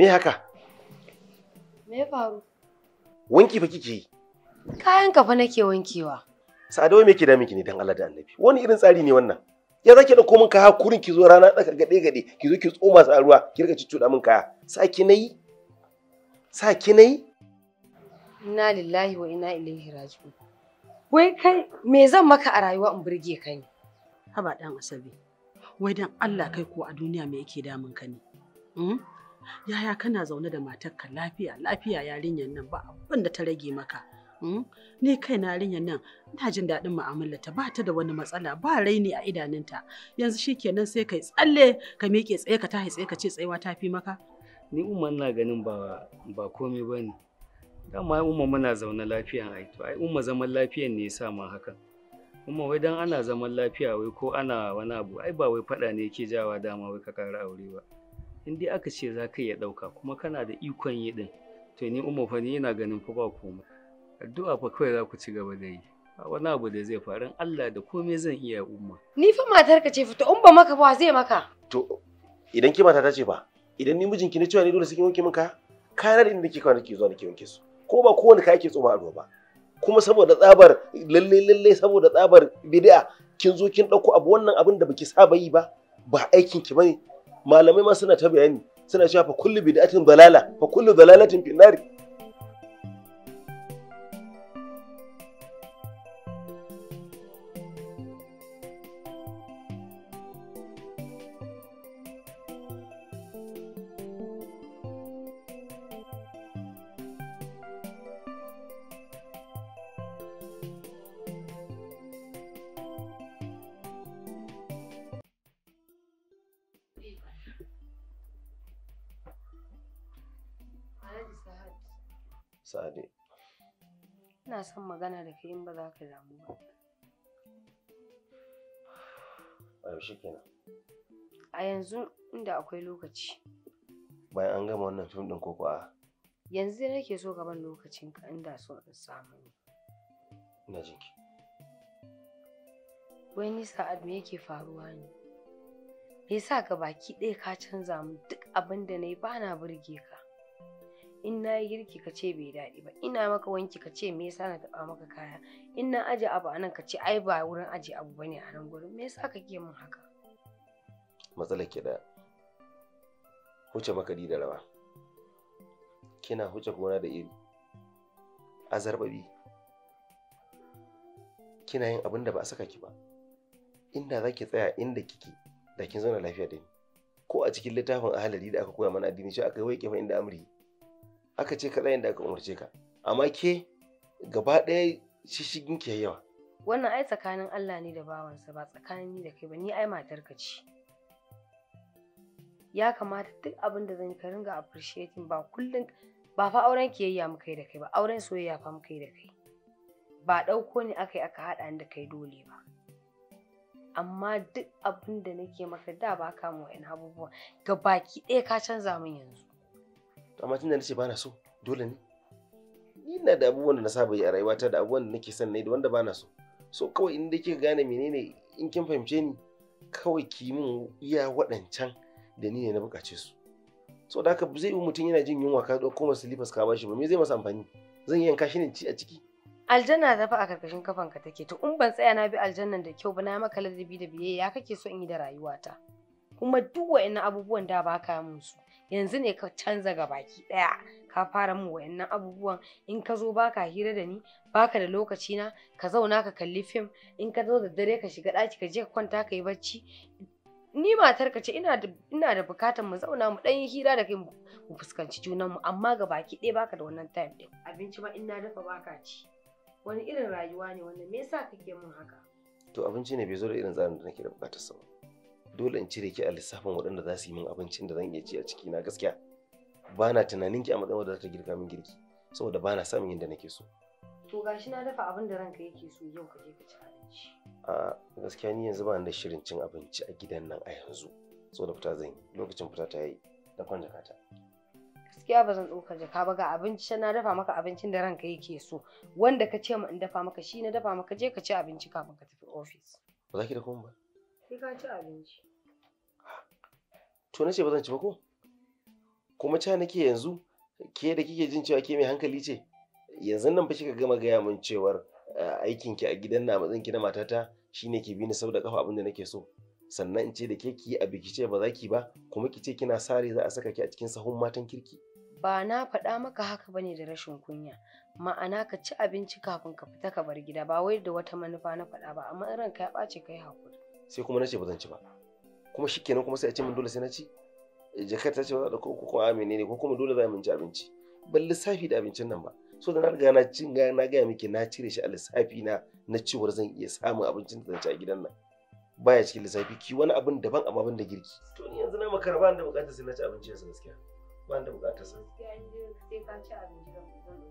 Me haka? Me faru? Wanki fa kike yi? Kayan ka fa nake wankewa. Sa'adawa me ke da miki ne dan Allah da Annabi? Wani irin tsari ne wannan? Ya zaki da komin kaya kurin ki zo rana tsaka gade gade ki zo ki tsoma su a ruwa ki rika cuccuda min kaya. Sa ki nayi? Sa ki nayi? Inna lillahi wa inna ilaihi raji'un. Wai kai me zan maka a rayuwa in burge ka ne? Haba dan Asabe. Wai dan Allah kai ko a duniya me yake damun ka ne? Hmm? yaya kana zaune da matarka lafiya lafiya yarinyar nan ba abin da ta rage maka hmm? ni kai na yarinyar nan ina jin daɗin mu'amalarta ba ta da wani matsala ba raini a idanunta yanzu shikenan sai kai tsalle ka miƙe tsaye ka tahi tsaye ka ce tsayewa ta fi maka ni umma ina ganin ba ba komai bane dama ai umma muna zaune lafiya ai to ai umma zaman lafiyan ne yasa ma hakan umma wai dan ana zaman lafiya wai ko ana wani abu ai ba wai faɗa ne yake jawa dama wai ka ƙara aure ba in dai aka ce za ka iya ɗauka kuma kana da ikon yi ɗin to ni umma fa ni yana ganin fa ba komai addu'a fa kawai za ku ci gaba da yi wani abu da zai faru Allah da komai zan iya umma ni fa matarka ce fita in ba maka ba zai maka to idan ki mata ta ce ba idan ni mijinki ne cewa ni dole sai kin wanke min kaya kayan da kike kwana kike zuwa nake wanke su ko ba kowane kaya ke tsoma a ruwa ba kuma saboda tsabar lalle lalle saboda tsabar bid'a kin zo kin dauko abu wannan abin da baki saba yi ba ba aikin ki bane malamai ma suna ta bayani suna cewa fa kullu bid'atin dalala fa kullu dalalatin fi nari baka damuwa. a yaushe kenan a yanzu inda akwai lokaci bayan an gama wannan fim din ko a yanzu nake so gaban lokacin ka inda so in samu ni. ina jinki wai ni sa'ad me yake faruwa ne me yasa ga baki ɗaya ka canza mu duk abin da nayi ba na burge ka in na yi girki ka ce bai daɗi ba ina maka wanki ka ce me yasa na taɓa maka kaya in na aje abu a nan ka ce ai ba wurin aje abu bane a nan gurin me yasa kake min haka matsalar ke da huce makadi da rawa kina huce gona da iri azarbabi kina yin abin da ba a saka ki ba inda za ki tsaya inda kike da kin zauna lafiya da ni ko a cikin littafin ahalari da aka koya mana addini shi aka yi wai fa inda amri aka ce kaɗai da aka umarce ka amma ke gaba ɗaya shishigin ke yawa wannan ai tsakanin Allah ne da bawansa ba tsakanin ni da kai ba ni ai matar ka ce ya kamata duk abin da zan ka ringa appreciating ba kullum ba fa auren kiyayya muka yi da kai ba auren soyayya fa mu yi da kai ba ɗauko ne aka yi aka haɗa ni da kai dole ba amma duk abin da nake maka da ba ka mu wa'in abubuwa ga baki ɗaya ka canza min yanzu to amma tunda nace bana so dole ne ina da abubuwan da na saba yi a rayuwata da abubuwan da nake son nayi da wanda bana so so kawai in kika gane menene in kin fahimce ni kawai ki min iya waɗancan da ni ne na bukace su so da haka zai yi mutum yana jin yunwa ka ɗauko masa slippers ka bashi ba me zai masa amfani zan yanka shi ci a ciki aljanna ta fa a karkashin kafanka take to in ban tsaya na bi aljannan da kyau ba na maka ladabi da biyayya kake so in yi da rayuwata kuma duk wa'annan abubuwan da ba ka musu yanzu ne ka canza ga baki ɗaya ka fara min wayannan abubuwan in ka zo baka hira da ni baka da lokaci na ka zauna ka kalli fim in ka zo da dare ka shiga ɗaki ka je ka kwanta ka yi bacci ni matar ka ce ina da ina da bukatar mu zauna mu dan yi hira da kai mu fuskanci junanmu amma ga baki ɗaya baka da wannan time ɗin abinci ma in na dafa baka ci wani irin rayuwa ne wanda me yasa kake min haka to abinci ne bai zo da irin tsarin da nake da bukatar sa ba dole in cire ki a lissafin waɗanda za su yi min abincin da zan iya ci a ciki na gaskiya ba na tunanin ki a matsayin wadda za ta girka min girki saboda ba na samun yadda nake so to gashi na dafa abin da ranka yake so yau ka je ka ci abinci a gaskiya ni yanzu ba da shirin cin abinci a gidan nan a yanzu saboda fita zan yi lokacin fita ta yi da kwan jakata gaskiya ba zan ɗauka jaka ba ga abinci na dafa maka abincin da ranka yake so wanda ka ce in dafa maka shi na dafa maka je ka ci abinci kafin ka tafi ofis ba za ki da komai ba sai ka ci abinci to na ce ba zan ci ba ko kuma ca nake yanzu ke da kike jin cewa ke mai hankali ce yanzu nan fa kika gama gaya min cewar eh, aikin ki a gidan na matsayin ki na matata shine ke bi ni sau da kafa abin da nake so sannan in ce da ke ki a biki ce ba za ki ba kuma ki ce kina sare za a saka ki a cikin sahun matan kirki ba na faɗa maka haka bane da rashin kunya ma'ana ka ci abinci kafin ka fita ka bar gida ba wai da wata manufa na faɗa ba amma in ranka ya ɓace yi hakuri sai kuma na ce ba zan ci ba kuma shikenan kuma sai a ce mun dole sai na ci eh, jakar ta ce ba da ko kuma a ne ko kuma dole za mu ci abinci ban lissafi da abincin nan ba so da na riga na cin ga na gaya miki na cire shi a lissafi na na cewar zan iya samun abincin da zan ci a gidan nan baya cikin lissafi ki wani abin daban amma ban da girki to ni yanzu na makara ba da bukatar sai na ci abinci yanzu gaskiya ba da bukatar sai sai ka ci abinci da sadi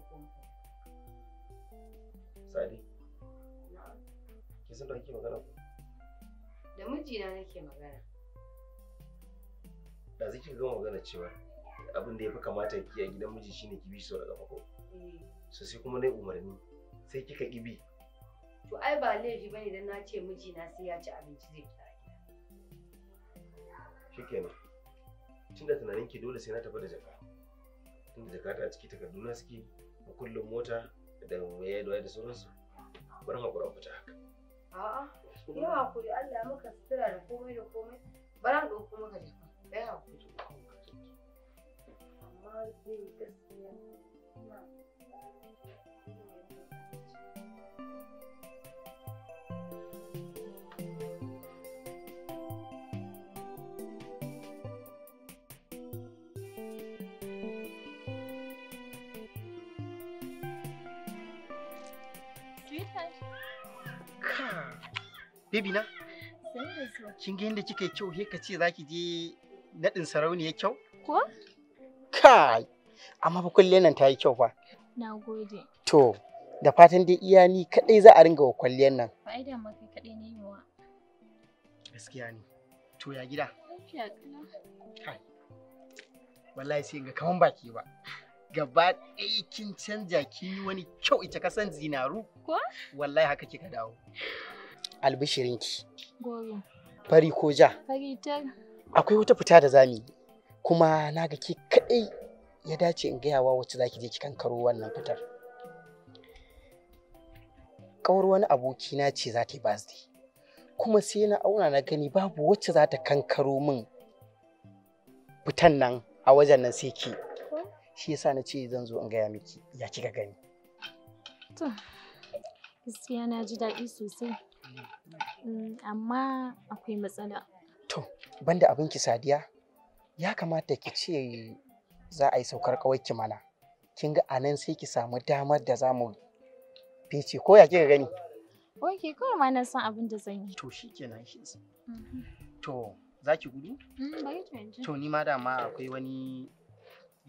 ki san da kike magana da mijina nake magana da zai ki gama magana cewa abin da ya fi kamata ki a gidan miji shine ki bi shi sau da ƙafa eh. so sai kuma nayi umarni sai kika kibi. to ai ba laifi bane dan na ce miji na sai ya ci abinci zai fita shikenan tunda tunanin ki dole sai na tafi da jaka tunda jaka ta a ciki takarduna suke da kullum mota da waye da waye da sauransu bari kura fita haka a'a yawa kuri Allah maka sutura da komai da komai bari ɗauko maka jaka ɗaya kake na Kin ga inda kika yi kyau ka ce za ki je naɗin sarauniya kyau? Ko? Kai, amma fa kulle nan ta yi kyau fa. Na gode. To, da fatan dai iya ni kaɗai za a ringa wa kwalliyar nan. Ba ai da kaɗai ne wa. Gaskiya ne. To ya gida? Lafiya kana. Kai. Wallahi sai ga kaman baki ba. Gaba ɗaya kin canja kin yi wani kyau ita kasan zinaru. Ko? Wallahi haka kika dawo. Albishirinki. Gobe. Fari ko ja? Fari tar. akwai wata fita da yi. kuma na ga ke kaɗai ya dace in gayawa wacce za ki je ki kankaro wannan fitar kawar wani aboki na ce za ta yi birthday kuma sai na auna na gani babu wacce za ta kankaro min fitan nan a wajen nan sai ki shi yasa na ce zan zo in gaya miki ya kika gani to gaskiya na ji daɗi sosai mm, amma akwai matsala banda abin ki sadiya ya kamata ki ce za a yi saukar kawai ki mana kin ga anan sai ki samu damar da za mu fice ko ya kika gani ok kawai ma na san abin da zan yi to shikenan shi mhm. to za ki gudu mhm, to ni ma dama akwai wani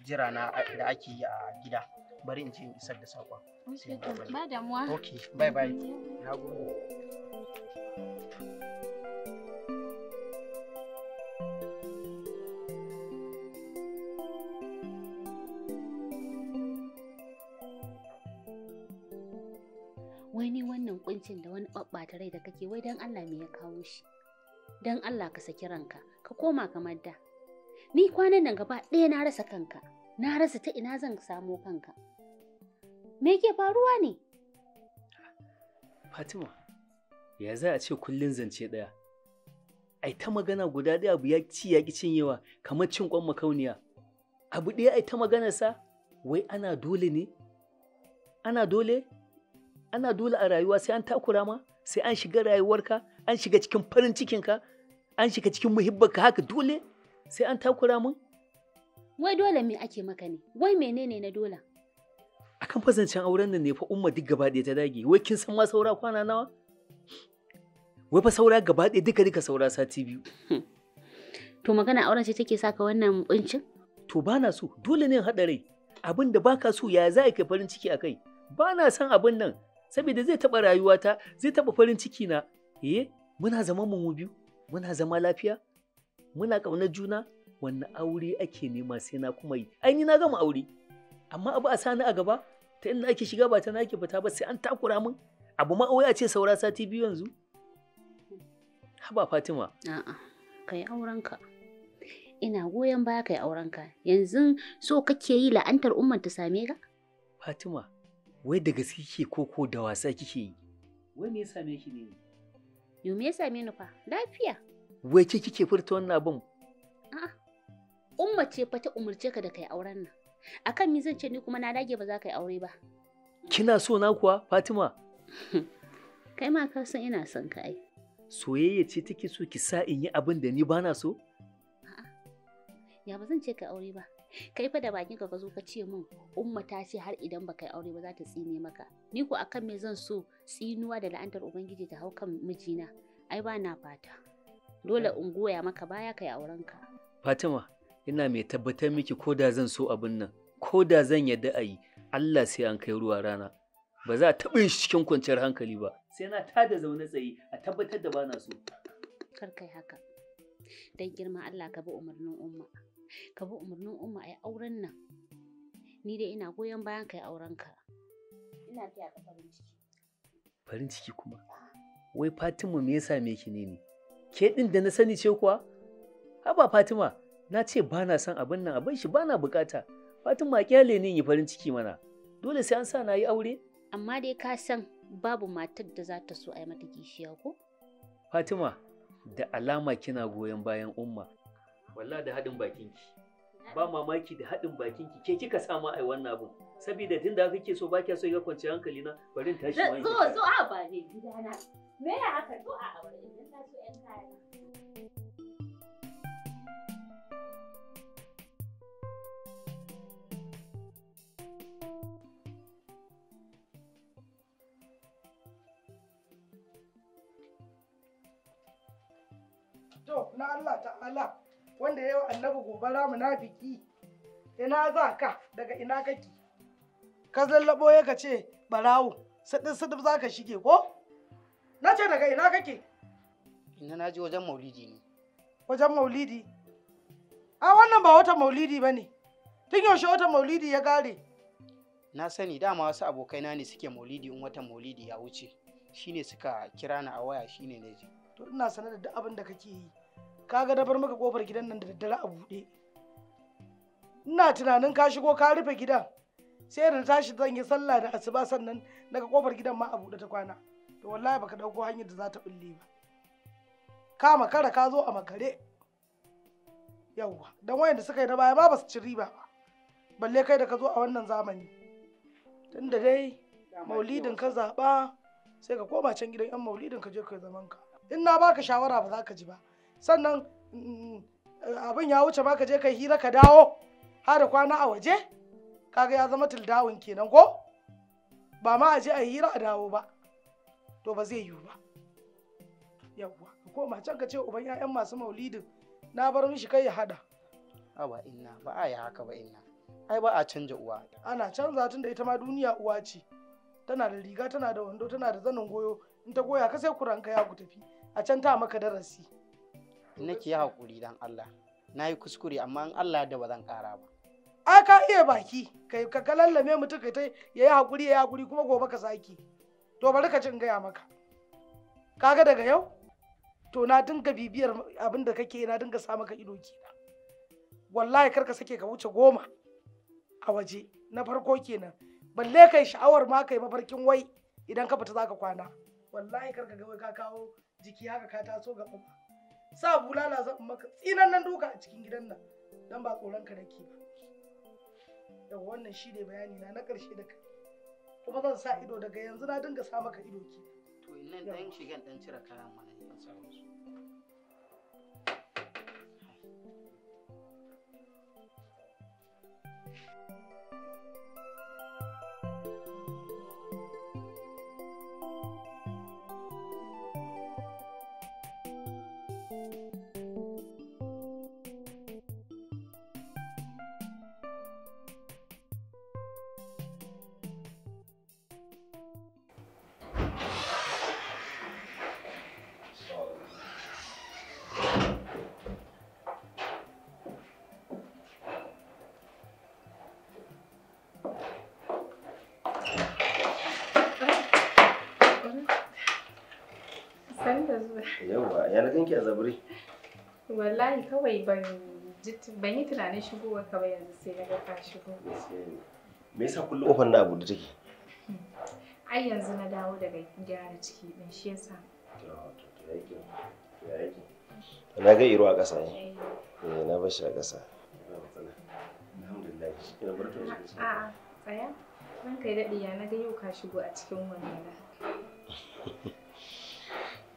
jira na da ake yi a gida bari in je in isar da saƙon ba damuwa ok bye bye mhm. na gode abincin da wani ɓaɓɓata rai da kake wai don Allah me ya kawo shi don Allah ka saki ranka ka koma kamar da ni kwanan nan gaba ɗaya na rasa kanka na rasa ta ina zan samo kanka me ke faruwa ne Fatima ya za a ce kullun zance ɗaya ai ta magana guda ɗaya abu ya ci ya ki cinyewa kamar cin kwan makauniya abu ɗaya ai ta maganarsa wai ana dole ne ana dole ana dole a rayuwa sai an takura ma sai an shiga rayuwarka an shiga cikin farin cikinka an shiga cikin muhibbarka haka dole sai an takura mun wai dole me ake maka ne wai menene na dole akan fasancen auren nan ne fa umma duk gaba ɗaya ta dage wai kin san ma saura kwana nawa wai fa saura gaba ɗaya duka duka saura sati biyu to magana auren ce take saka wannan kuncin to bana so dole ne haɗa rai abin da baka so ya za ka farin ciki akai na son abin nan saboda zai taɓa rayuwata zai taɓa farin ciki na E, eh, muna zama mu mu biyu muna zama lafiya muna ƙaunar juna wannan aure ake nema sai na kuma yi ai ni na gama aure amma abu a sani a gaba ta inda ake shiga ba ta na ake fita ba sai an takura min abu ma a ce saura sati biyu yanzu haba fatima a'a kai aurenka ina goyon baya kai aurenka yanzu so kake yi la'antar umman ta same ka fatima wai da gaske kike koko da wasa kike yi wai me ya same ki ne yo me ya same ni fa lafiya wai ke kike furta wannan abin a'a umma ce fa ta umurce ka da kai auren nan akan mi zan ce ni kuma na dage ba za ka yi aure ba kina so na kuwa Fatima kai ma ka san ina son ka ai soyayya ce take so ki sa in yi abin da ni bana so a'a ya ba zan ce ka aure ba kai fa da bakin ka zo ka ce min umma ta ce har idan baka yi aure ba za ta tsine maka ni ko akan me zan so tsinuwa da la'antar ubangiji ta hau kan mijina ai ba na fata dole in goya maka baya kai auren ka Fatima ina mai tabbatar miki ko da zan so abin nan ko da zan yadda a yi Allah sai an kai ruwa rana ba za a taɓa shi cikin kwanciyar hankali ba sai na tada zaune tsaye a tabbatar da bana so kar kai haka dan girma Allah ka bi umarnin umma ka bi umarnin umma yi auren nan ni dai ina goyon bayan yi auren ka ina taya ka farin ciki farin ciki kuma wai Fatima me yasa me ki ne ni ke din da na sani ce kuwa haba Fatima na ce ba na son abin nan abin shi ba na bukata Fatima kyale ne yi farin ciki mana dole sai an sa na yi aure amma dai ka san babu matar da za ta so a yi mata kishiya ko Fatima da alama kina goyon bayan umma Walla da haɗin ki, Ba mamaki da haɗin ki, ke kika samu ai wannan abun. Saboda tun da kake so ba kya so ya kwanciyar hankali na bari tashi wani. Zo zo a ba ne gidana. Me ya haka zo a aure idan na so ƴan kaya. To, na Allah ta'ala wanda yayi annabi gobara munafiki ina za ka daga ina kake ka zallabo ya ka ce barawo sadin sadin za ka shige ko na ce daga ina kake ina na je wajen maulidi ne wajen maulidi a wannan ba wata maulidi ba ne tun yaushe wata maulidi ya gare na sani dama wasu abokaina ne suke maulidi in wata maulidi ya wuce shine suka kira a waya shine ne to ina sanar da duk abin da kake yi kaga na bar maka kofar gidan nan da daddare a buɗe ina tunanin ka shigo ka rufe gidan sai da tashi zan yi sallah da asuba sannan daga kofar gidan ma a buɗe ta kwana to wallahi baka dauko hanyar da za ta bulle ba ka makara ka zo a makare yawwa dan wayanda suka yi na baya ma ba su ci riba ba balle kai da ka zo a wannan zamani da dai maulidin ka zaɓa sai ka koma can gidan yan maulidin ka je ka zaman ka in na baka shawara ba za ka ji ba sannan mm, abin ya wuce ma ka je ka hira ka dawo har kwana a waje kaga ya zama tildawun kenan ko ba ma a je a hira a dawo ba to ba zai yiwu ba yawwa ko ma can ka ce uban 'ya'yan masu maulidin na bar mishi kai ya hada awa inna ba a yi haka ba inna ai ba a canja uwa ana canza tun da ita ma duniya uwa ce tana da riga tana da wando tana da zanin goyo in ta goya ka sai kuranka ya ku tafi a can ta maka darasi nake hakuri dan Allah na yi kuskure amma in Allah da ba zan ƙara ba a ka iya baki kai ka lallame mutum kai ta ya yi haƙuri ya yi haƙuri kuma gobe ka saki to bari ka cin gaya maka kaga daga yau to na dinga bibiyar abinda da kake na dinga sa maka ido kenan wallahi kar ka sake ka wuce goma a waje na farko kenan balle kai sha'awar ma kai mafarkin wai idan ka fita zaka kwana wallahi kar ka ga ka kawo jiki haka ka taso ga sa bulala zan maka tsinannen duka a cikin gidan nan dan ba tsoron ka nake ba yau wannan shi ne bayani na na karshe da kai kuma zan sa ido daga yanzu na dinga sa maka ido ki to dan shigan dan cire kayan ma Yawwa, ya na ganki a zaburi? Wallahi kawai ban ban yi tunanin shigowar ka ba yanzu sai na ga ka shigo. Me yasa kullum kofar na abu da take? Hmm. Ai yanzu na dawo daga gyara ciki din shi yasa. Na ga iro a ƙasa ne. Eh, eh na bar shi a ƙasa. Alhamdulillah. Kina bar to shi. A'a, tsaya. Ranka kai daɗi ya na ga yau ka shigo a cikin wannan.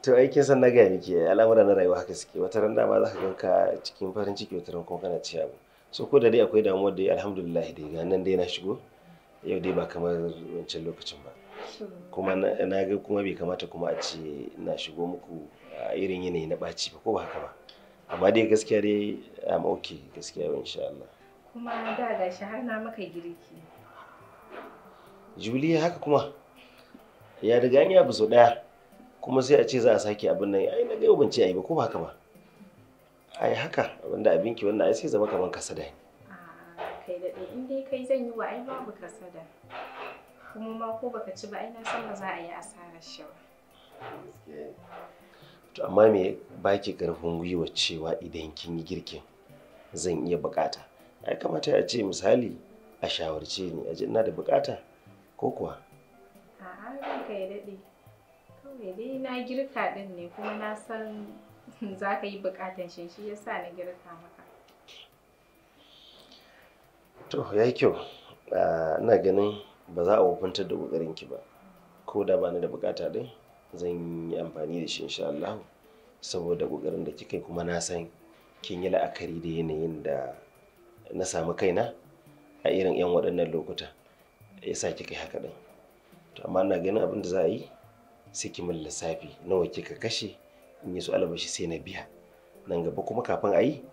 to ai kin san na gaya miki eh, al'amura na rayuwa haka suke wata ran ma za ka ganka cikin farin ciki wata ran kuma kana ci abu so ko da dai akwai damuwa dai alhamdulillah dai ga nan dai na shigo yau dai ba kamar wancan lokacin ba kuma na ga kuma bai kamata kuma a ce na shigo muku a irin yanayi na ɓaci ba ko ba haka ba amma dai gaskiya dai am okay gaskiya ba insha Allah kuma da ga shi har na maka girki Juliya haka kuma ya riga ni abu so daya kuma sai a ce za a sake abin nan ai na gaiwa ban ce ai ba ko ba haka ba ai haka abinda abinki wannan ai sai zama kaman kasada ne kai daɗe in dai kai zan yi wa ai babu kasada kuma ma ko baka ci ba ai na san ba za a yi asarar shi ba to amma me baki karfin gwiwa cewa idan kin yi girkin zan iya bukata ai kamata a ce misali a shawarce ni a ina da bukata ko kuwa a'a kai daɗe ne dai na girka din ne kuma na san za ka yi bukatan shi shi sa na girka maka to yi kyau ina ganin ba za a wofantar da ƙoƙarinki ba ko da ba ni da bukata din zan yi amfani da shi insha Allah saboda ƙoƙarin da kika yi kuma na san kin yi la'akari da yanayin da na samu kaina a irin 'yan waɗannan lokuta ya sa kika yi haka din to amma ina ganin abin da za a yi sai min lissafi nawa kika kashe in yi su albashi sai na biya nan gaba kuma kafin a yi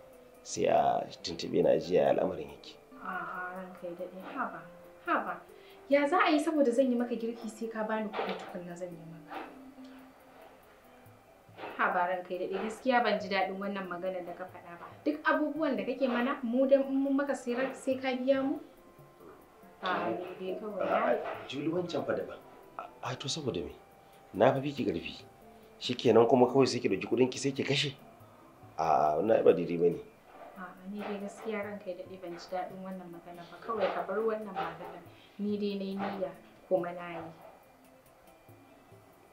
sai a tuntuɓe na ajiya al'amarin yake. ya haba haba ya za a yi saboda zan yi maka girki sai ka bani kuɗi na zan yi maka. Haba ranka daɗe gaskiya ban ji daɗin wannan maganar da ka faɗa ba duk abubuwan da kake mana mu dan in mun maka sai ka biya mu. Ba ne dai kawai. Juli wancan fa daban. A to saboda me? na fi fiki ƙarfi shikenan kuma kawai sai ki ɗauki kuɗin ki sai ki kashe a na ba daidai bane ni dai gaskiya ranka ya daɗe ban ji daɗin wannan magana ba kawai ka bar wannan magana ni dai na yi niyya kuma na yi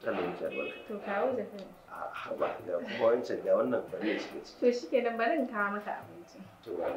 Allah ya To kawo da kai. A ba ga kuma wancan ga wannan bari ya shiga ciki. To shikenan bari barin kawo maka abinci. To ba.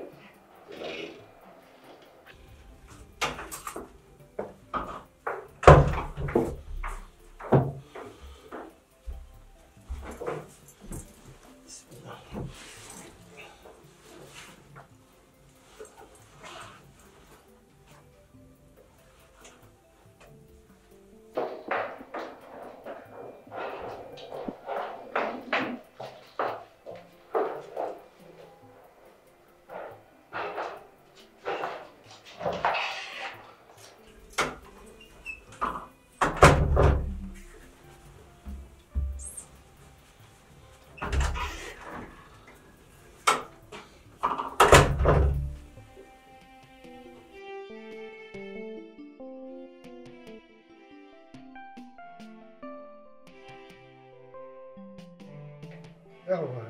Yawa.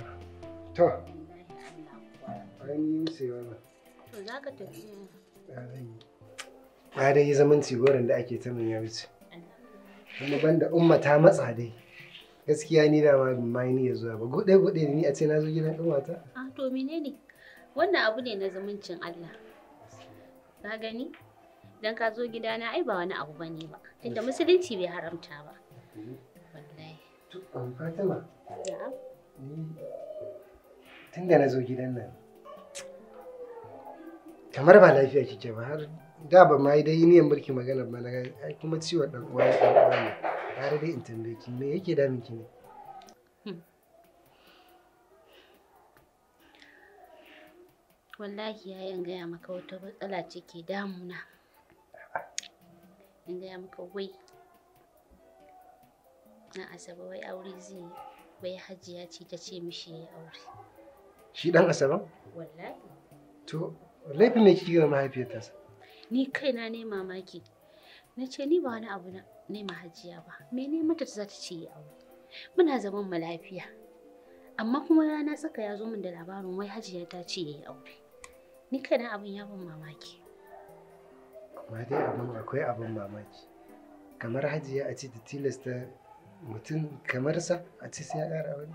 To. Ai ni To za ka tafi. Ba dai yi zaman goron da ake ta ya wuce. Kuma banda umma ta matsa dai. Gaskiya ni da ma ma ni ya zuwa ba. gode gode ni a ce na zo gidan kanwata. Ah to menene? Wannan abu ne na zumuncin Allah. Ka gani? Dan ka zo gidana ai ba wani abu bane ba. Tunda musulunci bai haramta ba. Mhm. Wallahi. To Fatima. ya tun da na zo gidan nan kamar ba lafiya kike ba har da ba ma dai niyan barki magana ba na ai kuma ciwon dan uwa ya dan uwa ne har dai in tambaye ki me yake damin ki ne hmm. wallahi yayin gaya maka wata matsala ce ke damuna in gaya maka wai na asaba wai aure zai yi akwai hajiya ce ta ce mishi ya aure shi ɗan Asaba? wallahi to laifin ne kike ga mahaifiyarsa ni kaina ne mamaki na ce ni ba wani abu na nema hajiya ba ne mata za ta ce ya aure muna zaman mu lafiya amma kuma rana tsaka ya zo min da labarin wai hajiya ta ce ya yi aure ni kaina abin ya ban mamaki amma dai abin akwai abin mamaki kamar hajiya a ce ta tilasta mutum kamar sa a ce sai ya ƙara wani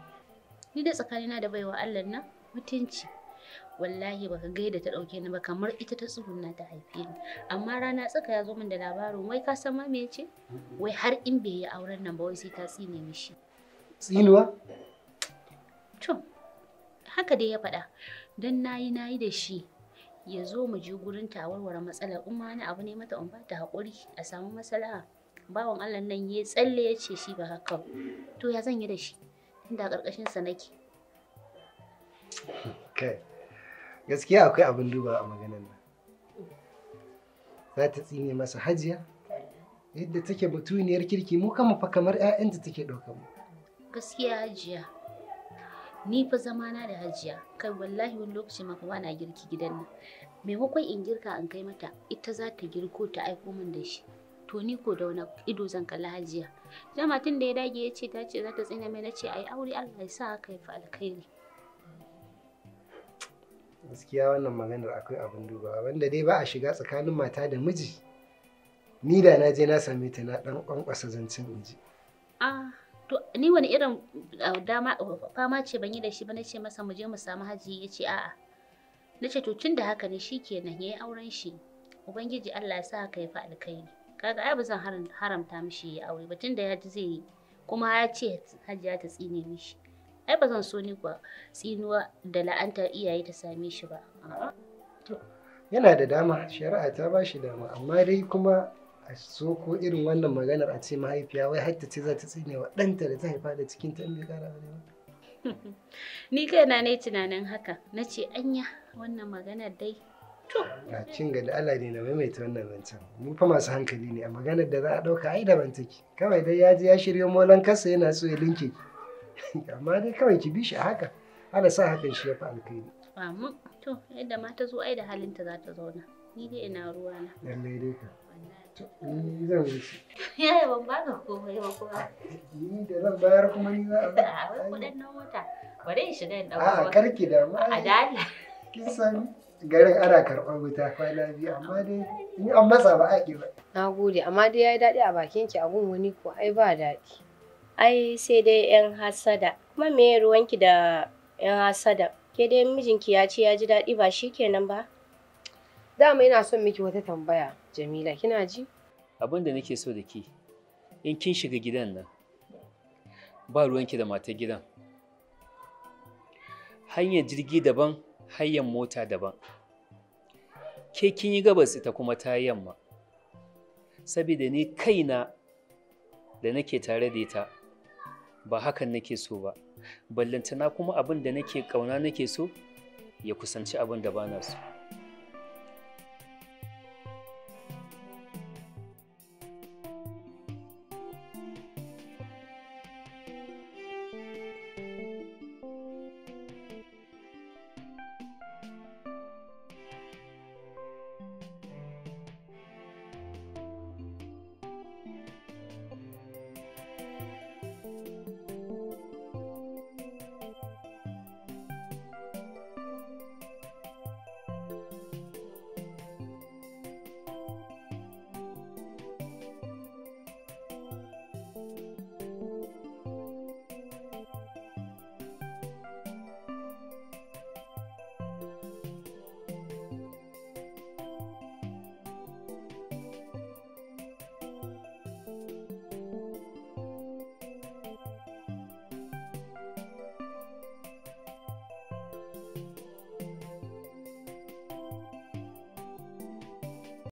ni da tsakanina da baiwa Allah na mutunci wallahi baka gaida ta dauke ni ba kamar ita ta tsuguna ta haife ni amma rana tsaka ya zo min da labarin wai ka san ma me yace wai har in bai yi auren nan ba wai sai ta tsine mishi tsinuwa to haka dai ya faɗa dan nayi nayi da shi ya zo mu je gurin ta warware matsalar in wani abu ne mata in bata ta haƙuri a samu maslaha bawan Allah nan ya tsalle ya ce shi ba haka to ya zan yi da shi tunda a ƙarƙashin sa nake kai gaskiya akwai abin duba a maganar nan za ta tsine masa hajiya yadda take mutuniyar kirki mu kama fa kamar 'ya'yanta take ɗaukar mu gaskiya hajiya ni fa zamana da hajiya kai wallahi wani lokaci ma ba na girki gidan nan maimakon in girka in kai mata ita za ta girko ta aiko min da shi to ni ko da wani ido zan kalli hajiya da matan da ya dage ya ce ta ce za ta tsina mai na ce ai aure Allah ya sa haka ya fi alkhairi gaskiya wannan maganar akwai abin duba, wanda dai ba a shiga tsakanin mata da miji ni da na je na same ta na dan kwankwasa zancen inji ah to ni wani irin dama fama ce ban yi da shi ba nace masa mu je mu samu haji ya ce a'a nace to tun da haka ne shikenan yayi auren shi ubangiji Allah ya sa haka ya fi alkhairi kaga ai ba zan haramta mishi ya aure ba tunda ya ji zai yi kuma ya ce hajiya ta tsine mishi ai ba zan so ni ka tsinuwa da la'anta iyaye ta same shi ba yana da dama shari'a ta ba shi dama amma dai kuma a so ko irin wannan maganar a ce mahaifiya wai har ta ce za ta tsine wa ɗanta da ta haifa da cikin ta bai kara ba ni kaina ne tunanin haka na ce anya wannan maganar dai a ah, cin ga da Allah ne na maimaita wannan zancen mu fa masu hankali ne a maganar da za a ɗauka ai da daban take kawai dai ya je ya shirya molan kasa yana so ya linke amma dai kawai ki bi shi a haka ala sa hakan shi ya fi alkhairi amma to yadda ma ta zo ai da halin ta za ta zauna ni dai ina ruwa na lallai dai ka ni zan wuce yaya ban ba ka komai ba kuma ni da zan bayar kuma ni za a ba a wai kuɗin nan wata bari in shiga in ɗauko a karki da ma a dala kin sani garin ana karɓar wuta kwana biyu amma dai in an matsa ba ake ba. Na gode amma dai ya yi daɗi a bakin ki a gun wani ko ai ba daɗi. Ai sai dai 'yan hasada kuma me ruwanki da 'yan hasada ke dai mijinki ya ce ya ji daɗi ba shi kenan ba. Dama ina son miki wata tambaya Jamila kina ji? Abin da nake so da ki in kin shiga gidan nan ba ruwanki da matar gidan. Hanyar jirgi daban hayyan mota daban ke kin yi gabas ita kuma ta yamma saboda ni kaina da nake tare da ita ba hakan nake so ba ballantana kuma abin da nake ƙauna nake so ya kusanci abin da bana so